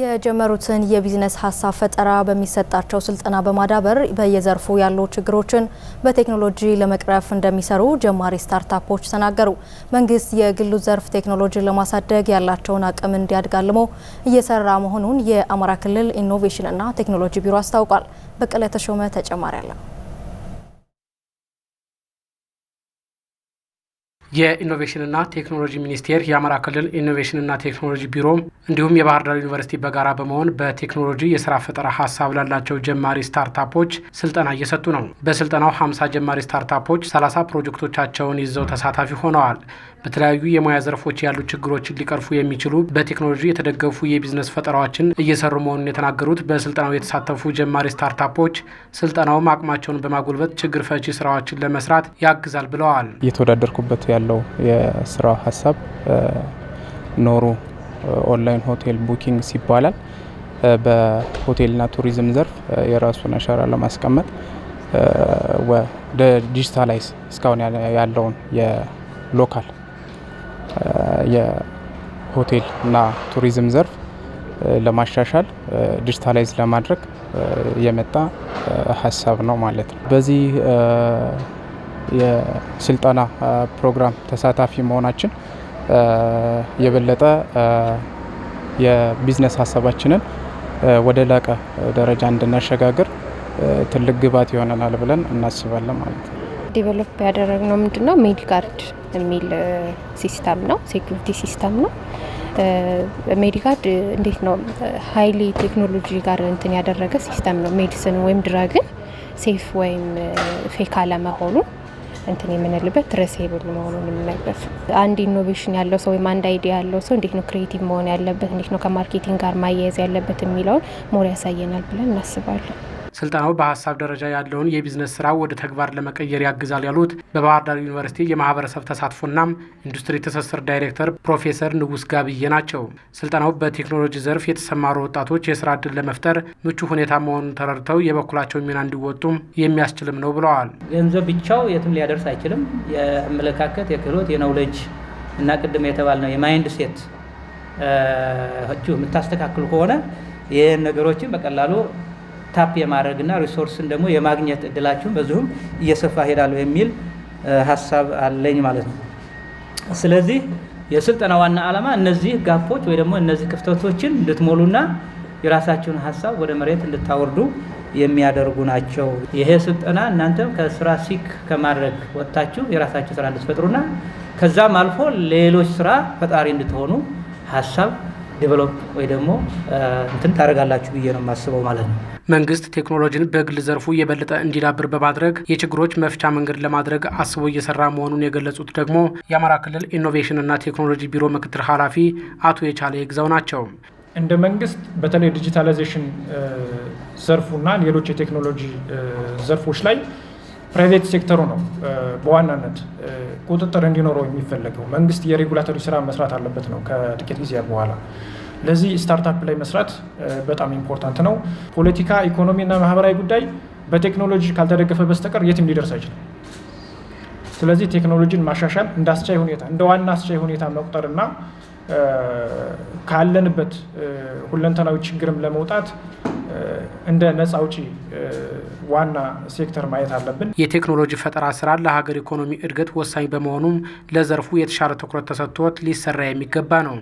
የጀመሩትን የቢዝነስ ሀሳብ ፈጠራ በሚሰጣቸው ስልጠና በማዳበር በየዘርፉ ያሉ ችግሮችን በቴክኖሎጂ ለመቅረፍ እንደሚሰሩ ጀማሪ ስታርታፖች ተናገሩ። መንግስት የግሉ ዘርፍ ቴክኖሎጂ ለማሳደግ ያላቸውን አቅም እንዲያድጋልሞ እየሰራ መሆኑን የአማራ ክልል ኢኖቬሽንና ቴክኖሎጂ ቢሮ አስታውቋል። በቀለ ተሾመ ተጨማሪ አለው። የኢኖቬሽንና ቴክኖሎጂ ሚኒስቴር፣ የአማራ ክልል ኢኖቬሽንና ቴክኖሎጂ ቢሮ እንዲሁም የባህር ዳር ዩኒቨርሲቲ በጋራ በመሆን በቴክኖሎጂ የስራ ፈጠራ ሀሳብ ላላቸው ጀማሪ ስታርታፖች ስልጠና እየሰጡ ነው። በስልጠናው 50 ጀማሪ ስታርታፖች 30 ፕሮጀክቶቻቸውን ይዘው ተሳታፊ ሆነዋል። በተለያዩ የሙያ ዘርፎች ያሉ ችግሮችን ሊቀርፉ የሚችሉ በቴክኖሎጂ የተደገፉ የቢዝነስ ፈጠራዎችን እየሰሩ መሆኑን የተናገሩት በስልጠናው የተሳተፉ ጀማሪ ስታርታፖች ስልጠናውም አቅማቸውን በማጎልበት ችግር ፈቺ ስራዎችን ለመስራት ያግዛል ብለዋል። እየተወዳደርኩበት ያለ ያለው የስራ ሀሳብ ኖሩ ኦንላይን ሆቴል ቡኪንግስ ይባላል። በሆቴልና ቱሪዝም ዘርፍ የራሱን አሻራ ለማስቀመጥ ወደ ዲጂታላይዝ እስካሁን ያለውን የሎካል የሆቴል እና ቱሪዝም ዘርፍ ለማሻሻል ዲጂታላይዝ ለማድረግ የመጣ ሀሳብ ነው ማለት ነው። በዚህ የስልጠና ፕሮግራም ተሳታፊ መሆናችን የበለጠ የቢዝነስ ሀሳባችንን ወደ ላቀ ደረጃ እንድናሸጋግር ትልቅ ግብዓት ይሆነናል ብለን እናስባለን ማለት ነው። ዲቨሎፕ ያደረግነው ምንድነው ሜድ ጋርድ የሚል ሲስተም ነው፣ ሴኩሪቲ ሲስተም ነው። ሜዲጋርድ እንዴት ነው ሀይሊ ቴክኖሎጂ ጋር እንትን ያደረገ ሲስተም ነው። ሜዲስን ወይም ድራግን ሴፍ ወይም ፌክ አለመሆኑን እንትን የምንልበት ትረሴብል መሆኑን የምንልበት አንድ ኢኖቬሽን ያለው ሰው ወይም አንድ አይዲያ ያለው ሰው እንዴት ነው ክሬቲቭ መሆን ያለበት፣ እንዴት ነው ከማርኬቲንግ ጋር ማያያዝ ያለበት የሚለውን ሞር ያሳየናል ብለን እናስባለን። ስልጠናው በሀሳብ ደረጃ ያለውን የቢዝነስ ስራ ወደ ተግባር ለመቀየር ያግዛል ያሉት በባህር ዳር ዩኒቨርሲቲ የማህበረሰብ ተሳትፎና ኢንዱስትሪ ትስስር ዳይሬክተር ፕሮፌሰር ንጉስ ጋብዬ ናቸው። ስልጠናው በቴክኖሎጂ ዘርፍ የተሰማሩ ወጣቶች የስራ እድል ለመፍጠር ምቹ ሁኔታ መሆኑን ተረድተው የበኩላቸውን ሚና እንዲወጡም የሚያስችልም ነው ብለዋል። ገንዘብ ብቻው የትም ሊያደርስ አይችልም። የአመለካከት፣ የክህሎት፣ የነውለጅ እና ቅድም የተባል ነው የማይንድ ሴት የምታስተካክሉ ከሆነ ይህን ነገሮችን በቀላሉ ታፕ የማድረግና ሪሶርስን ደግሞ የማግኘት እድላችሁን በዚሁም እየሰፋ ሄዳለሁ የሚል ሀሳብ አለኝ ማለት ነው። ስለዚህ የስልጠና ዋና ዓላማ እነዚህ ጋፖች ወይ ደግሞ እነዚህ ክፍተቶችን እንድትሞሉና የራሳችሁን ሀሳብ ወደ መሬት እንድታወርዱ የሚያደርጉ ናቸው። ይሄ ስልጠና እናንተም ከስራ ሲክ ከማድረግ ወጥታችሁ የራሳችሁ ስራ እንድትፈጥሩና ከዛም አልፎ ሌሎች ስራ ፈጣሪ እንድትሆኑ ሀሳብ ዴቨሎፕ ወይ ደግሞ እንትን ታደርጋላችሁ ብዬ ነው የማስበው ማለት ነው። መንግስት ቴክኖሎጂን በግል ዘርፉ የበለጠ እንዲዳብር በማድረግ የችግሮች መፍቻ መንገድ ለማድረግ አስቦ እየሰራ መሆኑን የገለጹት ደግሞ የአማራ ክልል ኢኖቬሽንና ቴክኖሎጂ ቢሮ ምክትል ኃላፊ አቶ የቻለ የግዛው ናቸው። እንደ መንግስት በተለይ ዲጂታላይዜሽን ዘርፉና ሌሎች የቴክኖሎጂ ዘርፎች ላይ ፕራይቬት ሴክተሩ ነው በዋናነት ቁጥጥር እንዲኖረው የሚፈለገው። መንግስት የሬጉላቶሪ ስራ መስራት አለበት ነው ከጥቂት ጊዜ በኋላ። ለዚህ ስታርታፕ ላይ መስራት በጣም ኢምፖርታንት ነው። ፖለቲካ፣ ኢኮኖሚና ማህበራዊ ጉዳይ በቴክኖሎጂ ካልተደገፈ በስተቀር የትም ሊደርስ አይችልም። ስለዚህ ቴክኖሎጂን ማሻሻል እንደ አስቻይ ሁኔታ እንደ ዋና አስቻይ ሁኔታ መቁጠርና ካለንበት ሁለንተናዊ ችግርም ለመውጣት እንደ ነጻ አውጪ ዋና ሴክተር ማየት አለብን። የቴክኖሎጂ ፈጠራ ስራ ለሀገር ኢኮኖሚ እድገት ወሳኝ በመሆኑም ለዘርፉ የተሻለ ትኩረት ተሰጥቶት ሊሰራ የሚገባ ነው።